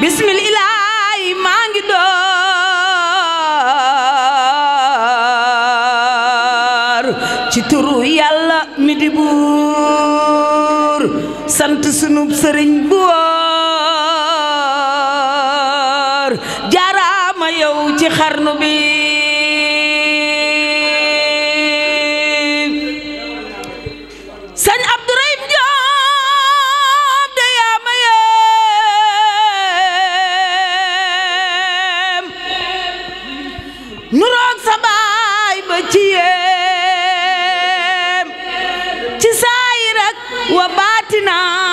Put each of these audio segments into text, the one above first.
bismillah nu roog sa baay ba ci yéem ci saayir ak wa baatinaa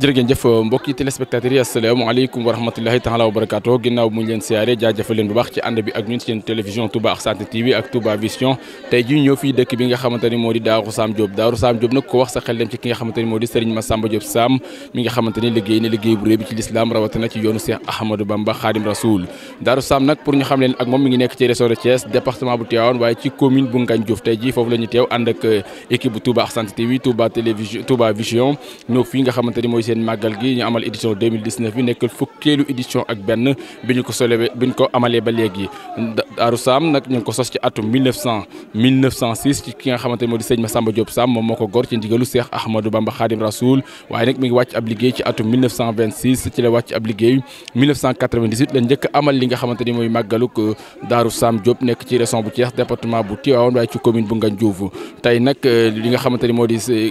jërëjëf mbokki téléspectateurs yi asalaamaaleykum wa rahmatullahi taala wa barakaatu ginnaaw mu ngi leen siyaare jaajëfal bu baax ci ànd bi ak ñun seen télévision Touba Argentine TV ak Touba Vision tey Vision ñëw fii nga xamante mooy seen màggal gi ñu amal édition 2019 bi nekk fukkeelu édition ak benn bi ñu ko solee bi ñu ko amalee ba léegi Daaru Saam nag ñu ngi ko sos ci atum 1900 1906 ci ki nga xamante ne moo di sëñ Massamba Diop Sam moom moo ko gor ci ndigalu Seex ngi wàcc ab liggéey ci atum 1926 ci la wàcc ab liggéey 1998 la njëkk amal li nga xamante ni mooy màggaluk euh, Daaru Saam Diop nekk ci région bu Thiès département bu Tivaouane waaye ci commune bu Ngandiouf tey nag euh, li nga xamante ni moo di euh,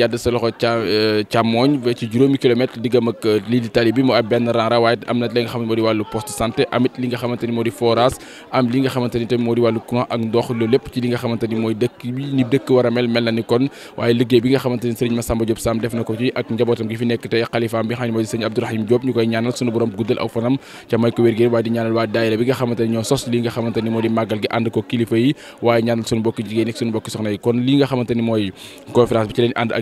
jàdd sa loxo ca euh, càmmooñ ba ci juróomi kilomètre diggam ak euh, lii di tali bi mu ab benn rang waaye am na li nga xamante moo di wàllu poste santé amit li nga xamante mooy dëkk bi a mel mel na ni kon waaye liggéey bi nga xamante ni sëriñ Massamba Diop Sam def na ko ci ak njabootam gi fi nekk tey xalifaam bi xam ne moo bi nga xamante ñoo sos li nga xamante ni di màggal gi ànd ko kilifa yi waaye ñaanal sunu mbokki jigéen sunu mbokki soxna yi kon li nga xamante ni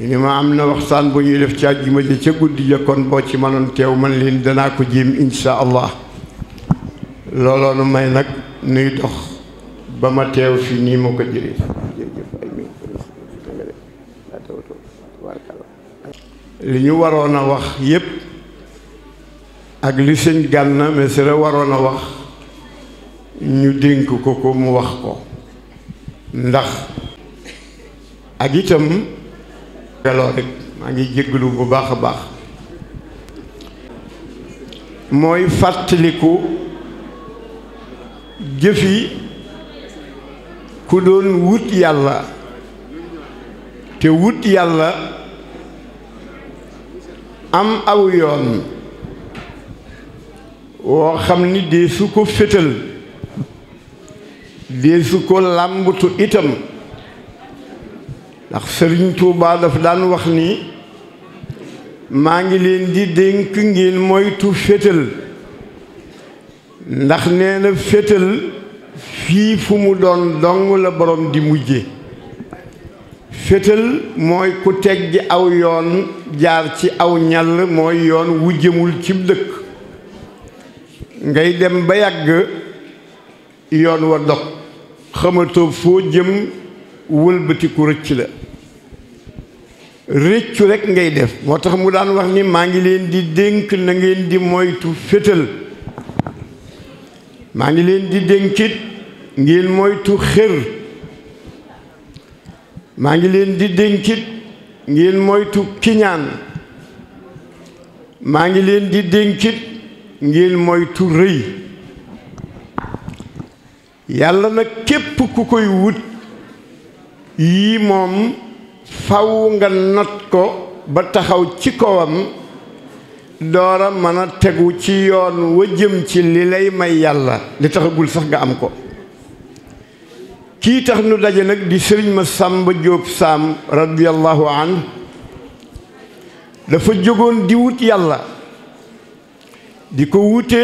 ñu na waxtaan bu ci àjjuma ji ca guddi ja ci mënoon teew man leen danaa ko jéem insha may nag nuy dox ba ma teew fi nii ma li ñu waroon a wax yépp ak li sëñ Gana Messere waroon a wax ñu dénk ko ko mu wax ko ndax ak itam teloo maa ngi jéggalu bu baax a baax mooy fàttaliku jëfi ku doon wut yàlla te wut yàlla am aw yoon woo xam ni dee su ko fétal dee su ko làmbatu itam ndax sëriñ tuuba daf daan wax ni maa ngi leen di dénk ngeen moytu fétal ndax nee na fétal fii fu mu doon dong la borom di mujje fétal mooy ku teggi aw yoon jaar ci aw ñàll mooy yoon wu jëmul ci dëkk ngay dem ba yàgg yoon wa dog xamatoo foo jëm wëlbatiku rëcc la rëccu rekk ngay def moo tax mu daan wax ni maa ngi leen di dénk na ngeen di moytu fétal maa ngi leen di dénkit ngeen moytu xër maa ngi leen di dénkit ngeen moytu kiñaan maa ngi leen di dénkit ngeen moytu rëy yàlla nag képp ku koy wut yii moom faw nga nat ko ba taxaw ci kawam doora mën a tegu ci yoon wa jëm ci li lay may yàlla li taxagul sax nga am ko kii tax nu daje nag di sëriñ ma sàmba jóob saam radiyallahu an dafa jógoon di wut yàlla di ko wute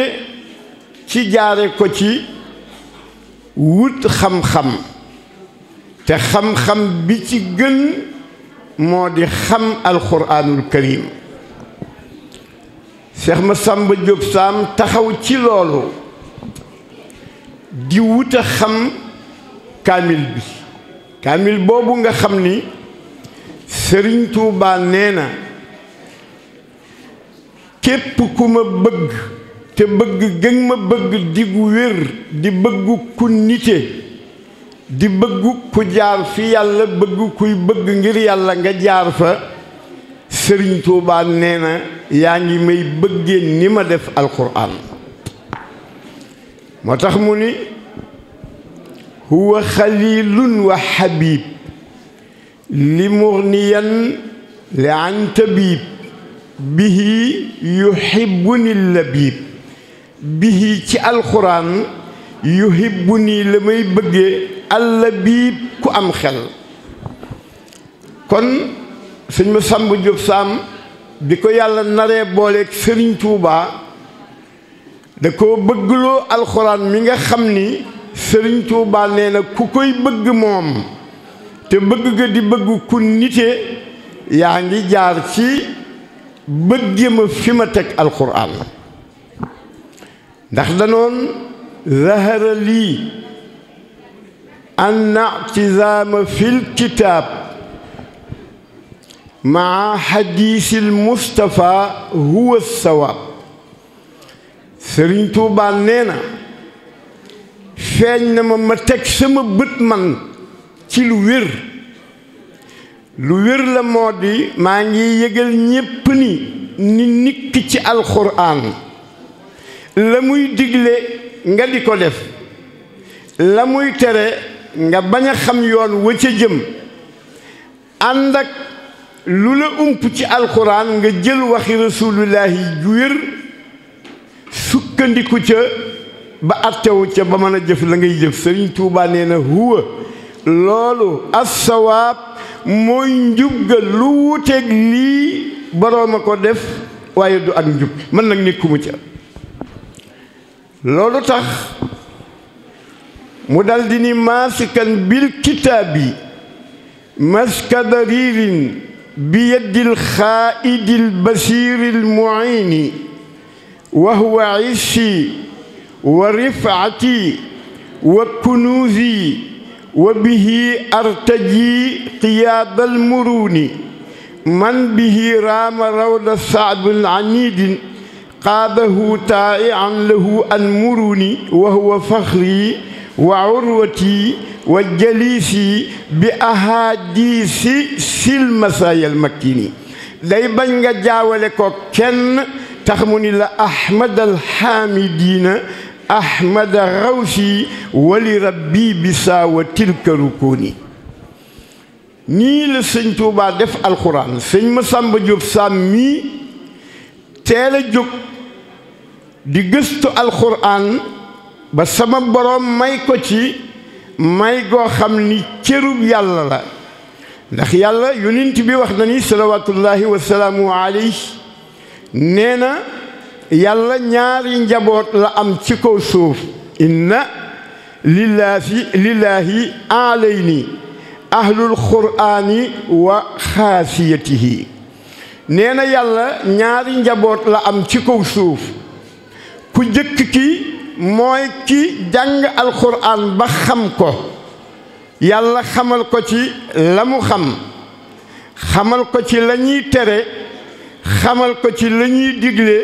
ci jaare ko ci wut xam-xam te xam-xam bi ci gën moo di xam alxuraanul seex Cheikh Massamba Diop Sam taxaw ci loolu di wut a xam kaamil bi kaamil boobu nga xam ni Sëriñ Tuubaa nee na képp ku ma bëgg te bëgg gën ma bëgg digu wér di bëgg ku nite di bëgg ku jaar fi yàlla bëgg kuy bëgg ngir yàlla nga jaar fa sëriñ Tuubaa nee na yaa ngi may bëggee ni ma def alquran moo tax mu ni huwa xalilun wa xabib li murniyan li an tabib bihi yuhibbuni labib bihi ci alquran yuhibbuni la may bëggee àll bii ku am xel kon sëñ ma sàmb Jóob saam bi ko yàlla naree booleek sëriñ tuubaa da koo bëggloo alxuraan mi nga xam ni sëriñ tuubaa nee na ku koy bëgg moom te bëgg ga di bëgg ku nite yaa ngi jaar ci bëgge ma fi ma teg alxuraan ndax danoon zahara lii أن اعتزام في الكتاب مع حديث المصطفى هو الصواب Serigne Touba nee na feeñ na ma ma teg sama bët man ci lu wér lu wér la moo di maa ngi yëgal ñépp ni ni nikk ci alxuraan la muy digle nga di ko def la muy tere nga bañ a xam yoon wa ca jëm ànd ak lu la ump ci alxuraan nga jël waxi rasulullahi ju sukkandiku ca ba attewu ca ba mën a jëf la ngay jëf sëriñ Tuubaa nee na huwa loolu assawaab mooy njub ga lu wuteeg lii boroom a ko def waaye du ak njub mën nag nekkuma ca loolu tax mu dal di ni maasikan bil kitaabi maska daririn bi yeddil xaaidil basiril muini wa huwa ishi wa rifati wa kunuuzi wa bihi artaji qiyaadal muruuni man bihi raama rawda saadun anidin qaadahu taa'ian lahu an muruuni wa huwa faxri wa urwati wa jalisi bi ahadisi sil masaayal makkini day bañ nga jaawale ko kenn tax mu ni la ahmad alxaamidiina ahmad rawsi wali rabbi bisaa wa tilka rukuni nii la sëñ Tuubaa def alxuraan sëñ Masamba Jóob Sàmm mii teel a jóg di gëstu alxuraan ba sama boroom may ko ci may goo xam ni cërub yàlla la ndax yàlla yonent bi wax na ni salawaatullaahi wasalaamu alayhi nee na yàlla ñaari njaboot la am ci kaw suuf inna lillaahi lillaahi alayni ahlul qur'aani wa xaasiyatihi nee na yàlla ñaari njaboot la am ci kaw suuf ku jëkk ki mooy ki jàng alxuraan ba xam ko yàlla xamal ko ci la mu xam xamal ko ci la ñuy tere xamal ko ci la ñuy digle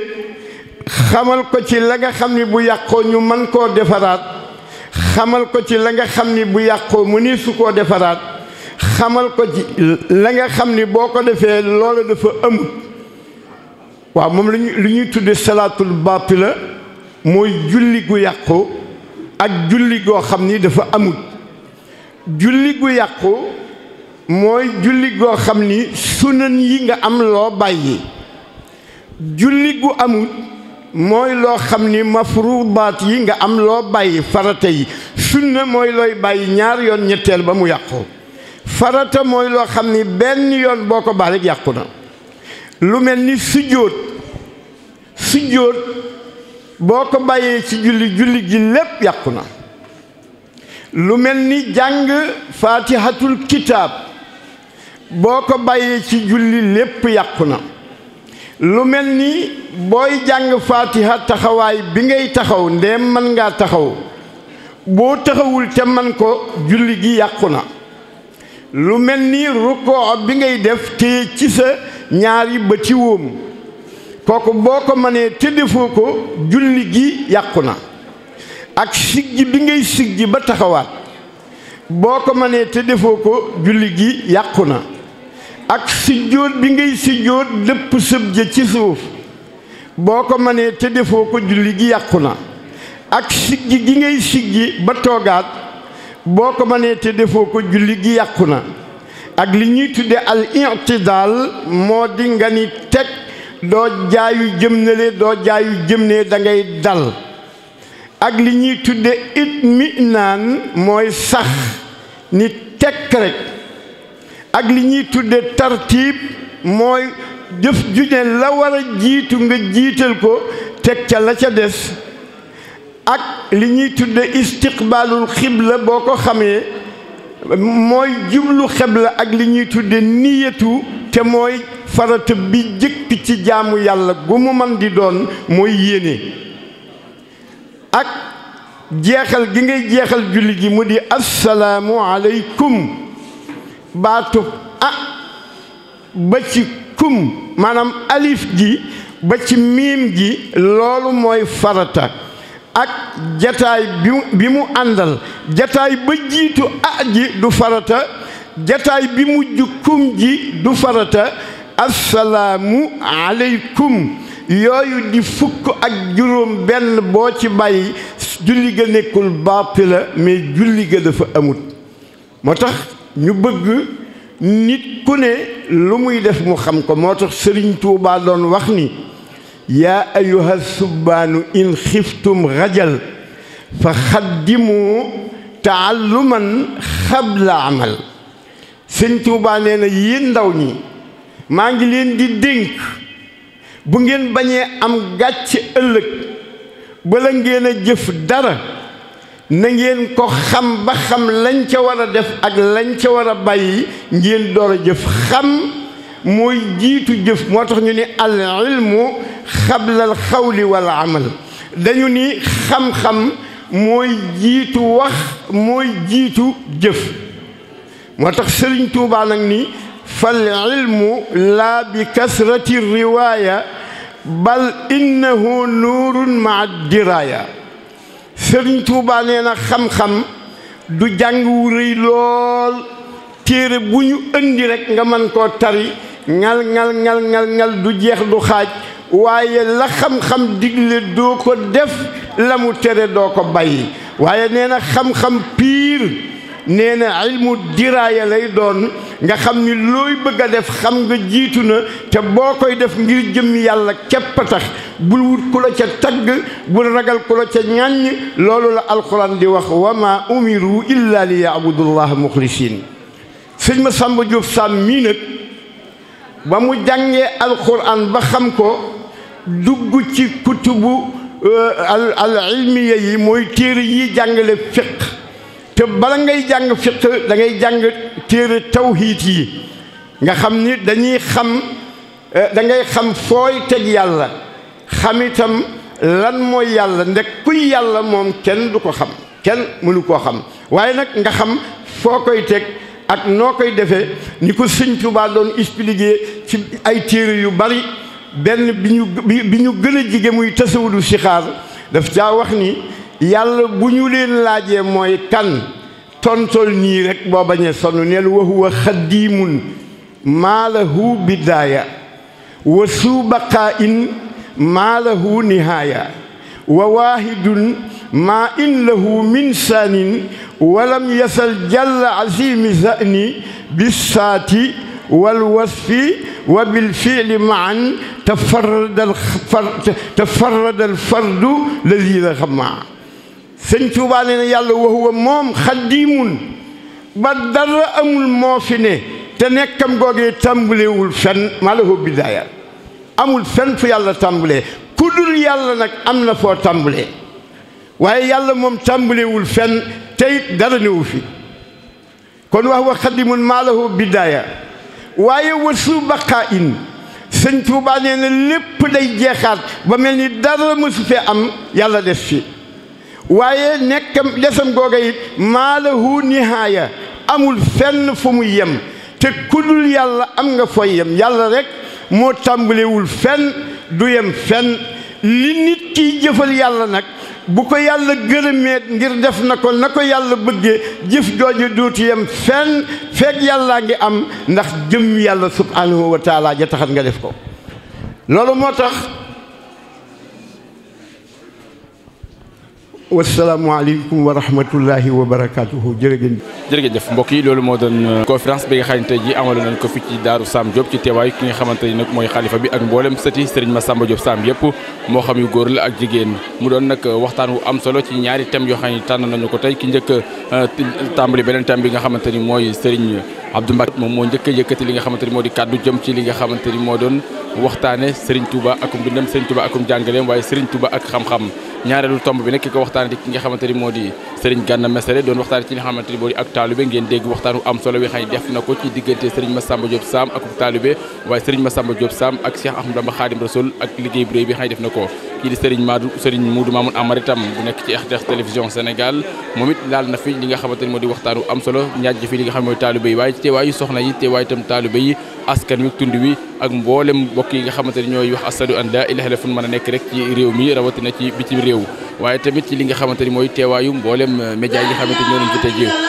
xamal ko ci la nga xam ni bu yàqoo ñu mën koo defaraat xamal ko ci la nga xam ni bu yàqoo mu ni su koo defaraat xamal ko ci la nga xam ni boo ko defee loola dafa ëmb waaw moom lu ñuy tudde salaatul bàppi la mooy julli gu yàqu ak julli goo xam ni dafa amut julli gu yàqu mooy julli goo xam ni sunan yi nga am loo bàyyi julli gu amut mooy loo xam ni mafrubaat yi nga am loo bàyyi farata yi sunna mooy looy bàyyi ñaar yoon ñetteel ba mu yàqu farata mooy loo xam ni benn yoon boo ko baax yàqu na lu mel ni sujjóot sujjóot boo ko bàyyee ci julli julli gi lépp yàqu na lu mel ni jàng faatihatul kitaab boo ko bàyyee ci julli lépp yàqu na lu mel ni booy jàng faatiha taxawaay bi ngay taxaw ndéem mën ngaa taxaw boo taxawul te man ko julli gi yàqu na lu mel ni rukkoo bi ngay def téye ci sa ñaari ba bëti wóom kooku boo ko mënee te defoo ko julli gi yàqu na ak siggi bi ngay siggi ba taxawaat boo ko mënee te defoo ko julli gi yàqu na ak sijjóot bi ngay sijjóot lépp sëb ja ci suuf boo ko mënee te defoo ko julli gi yàqu na ak siggi gi ngay siggi ba toogaat boo ko mënee te defoo ko julli gi yàqu na ak li ñuy tudde al i'tidaal moo di nga ni teg doo jaayu jëm nele doo jaayu jëm ne da dal ak li ñuy tudde it mi naan mooy sax ni tekk rek ak li ñuy tudde tartiib mooy jëf ju ne la war jiitu nga jiital ko teg ca la ca des ak li ñuy tudde istiqbaalul xibla boo ko xamee mooy jublu xebla ak li ñuy tudd niyatu te mooy farata bi jëkk ci jaamu yàlla gu mu man di doon mooy yéene ak jeexal gi ngay jeexal julli gi mu di assalaamu aleykum baatub ah ba ci kum maanaam alif gi ba ci miim gi loolu mooy farata ak jataay bi mu àndal jataay ba jiitu ah ji du farata jataay bi mujj kum ji du farata assalaamu aleykum yooyu di fukk ak juróom benn boo ci bàyyi julli ga nekkul bàppi la mais julli ga dafa amut moo tax ñu bëgg nit ku ne lu muy def mu xam ko moo tax Sëriñ Tuubaa doon wax ni yaa ayuha subbaanu in xiftum rajal fa xaddimu taalluman xabla amal sëñ Tuubaa nee na yéen ndaw ñi maa ngi leen di dénk bu ngeen bañee am gàcce ëllëg bala ngeen a jëf dara na ngeen ko xam ba xam lañ ca war a def ak lañ ca war a bàyyi ngeen door a jëf xam mooy jiitu jëf moo tax ñu ni al ilmu xablal xawli wal amal dañu ni xam-xam mooy jiitu wax mooy jiitu jëf moo tax sëriñ tuubaa nag ni fal ilmu laa bi kasrati riwaaya bal innahu nuurun maa diraaya sëriñ tuubaa nee na xam-xam du jàng wu rëy lool téere bu ñu indi rekk nga mën koo tari ngal ngal ngal ngal ngal du jeex du xaaj waaye la xam-xam digle doo ko def la mu tere doo ko bàyyi waaye nee na xam-xam piir nee na ilmu diraaya lay doon nga xam ni looy bëgg a def xam nga jiitu na te boo koy def ngir jëm yàlla képp a tax bul wut ku la ca tagg bul ragal ku ca ñàññ loolu la alquran di wax wa ma umiru illa li yaabudullaha muxlisin sëñ ma sàmba Jóob sàmm mii nag ba mu jàngee alquran ba xam ko dugg ci kutubu euh, al al ilmiya yi mooy téere yi jàngale fiq te bala ngay jàng fiq da ngay jàng téere tawhiid yi nga xam ni dañuy xam euh, da ngay xam fooy teg yàlla xam itam lan mooy yàlla ndek kuy yàlla moom kenn du ko xam kenn mënu koo xam waaye nag nga xam foo koy teg ak noo koy defee ni ko sëñ Tuubaa doon expliqué ci ay téere yu bari benn bi ñu bi ñu gën muy tasawudu sixaar daf caa wax ni yàlla bu ñu leen laajee mooy kan tontol nii rekk boo bañee sonn neel wa huwa xaddiimun maalahu bidaaya wa suubaqaa in maalahu nihaaya wa waahidun maa in lahu min saanin walam yasal jalla azimi zani bisaati walwasfi wa bilfili maan tafarradal tafarradal fardu ladi la xamaa sëñ Tuubaa nee na yàlla waxuwa moom xaddiimun ba dara amul moo fi ne te nekkam googee tàmbalewul fenn maa la hoo bidaaya amul fenn fu yàlla tàmbalee ku dul yàlla nag am na foo tàmbalee waaye yàlla moom tàmbalewul fenn teyit dara newu fi kon wax wa xadimun maalahu bidaaya waaye wasu baqaa in sëñ Tuubaa na lépp day jeexaat ba mel ni dara ma fee am yàlla des fi waaye nekkam desam googa it maalahu nihaaya amul fenn fu mu yem te kudul yàlla am nga fooy yem yàlla rekk moo tàmbalewul fenn du yem fenn li nit jëfal yàlla nag bu ko yàlla gërëmeet ngir def na ko na ko yàlla bëggee jëf jooju duutu yem fenn fekk yàllaa ngi am ndax jëm yàlla subhaanahu wa taala ja taxat nga def ko loolu moo tax wasalaamualeykum wa rahmatullahi wa barakatuhu jërëgéen jërëjëf mbokk yi loolu moo doon euh, conférence bi nga xamante ji amaloon nañ ko fi ci Daaru ki nga xamante ni nag mooy xalifa bi ak mboolem sëti ma Massamba Diop Sam yëpp moo xam yu góor la ak jigéen mu doon nag euh, waxtaan wu am solo ci ñaari thèmes yoo xam ne tànn nañu ko tey ki njëkk euh, tambali beneen thème bi nga xamante ni mooy Serigne Abdou Mbacke moom moo njëkk a yëkkati li nga xamante ni moo di kàddu jëm ci li nga xamante moo doon waxtaane Serigne Touba akum bindam Serigne Touba akum jàngaleem waaye Serigne Touba ak xam-xam ñaareelu bi nag ki ko waxtaane di ki nga xamante ni moo di Serigne Gana Messere doon waxtaan nga xamante ni boo di ak taalibe ngeen dégg waxtaan wu am solo wi xëy def na ko ci diggante Serigne Massamba Diop Sam ak taalibe waaye Serigne Massamba Diop Sam ak Cheikh Ahmadou Bamba Khadim ak liggéey bu réy bi xëy def na ko kii di Serigne Madou Serigne Moudou Mamoun Amar itam bu nekk ci RTS télévision Sénégal moom it laal na fi li nga xamante ni moo di waxtaan am solo ñaaj fi li nga xam mooy taalibe yi waaye teewaayu soxna yi teewaayu itam taalibe yi askan wi tund wi ak mboolem mbokk yi nga xamante ni ñooy wax asadu an la a nekk rek ci réew mi rawatina ci bitim réew waaye tamit ci li nga xamante ni mooy teewaayu mboolem euh, média yi nga xamante ni ñoo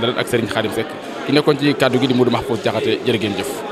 àndaloon ak Serigne Khadim Seck ki nekkoon ci kàddu gi di Modou Mahfouz Diakhaté jër ngeen jëf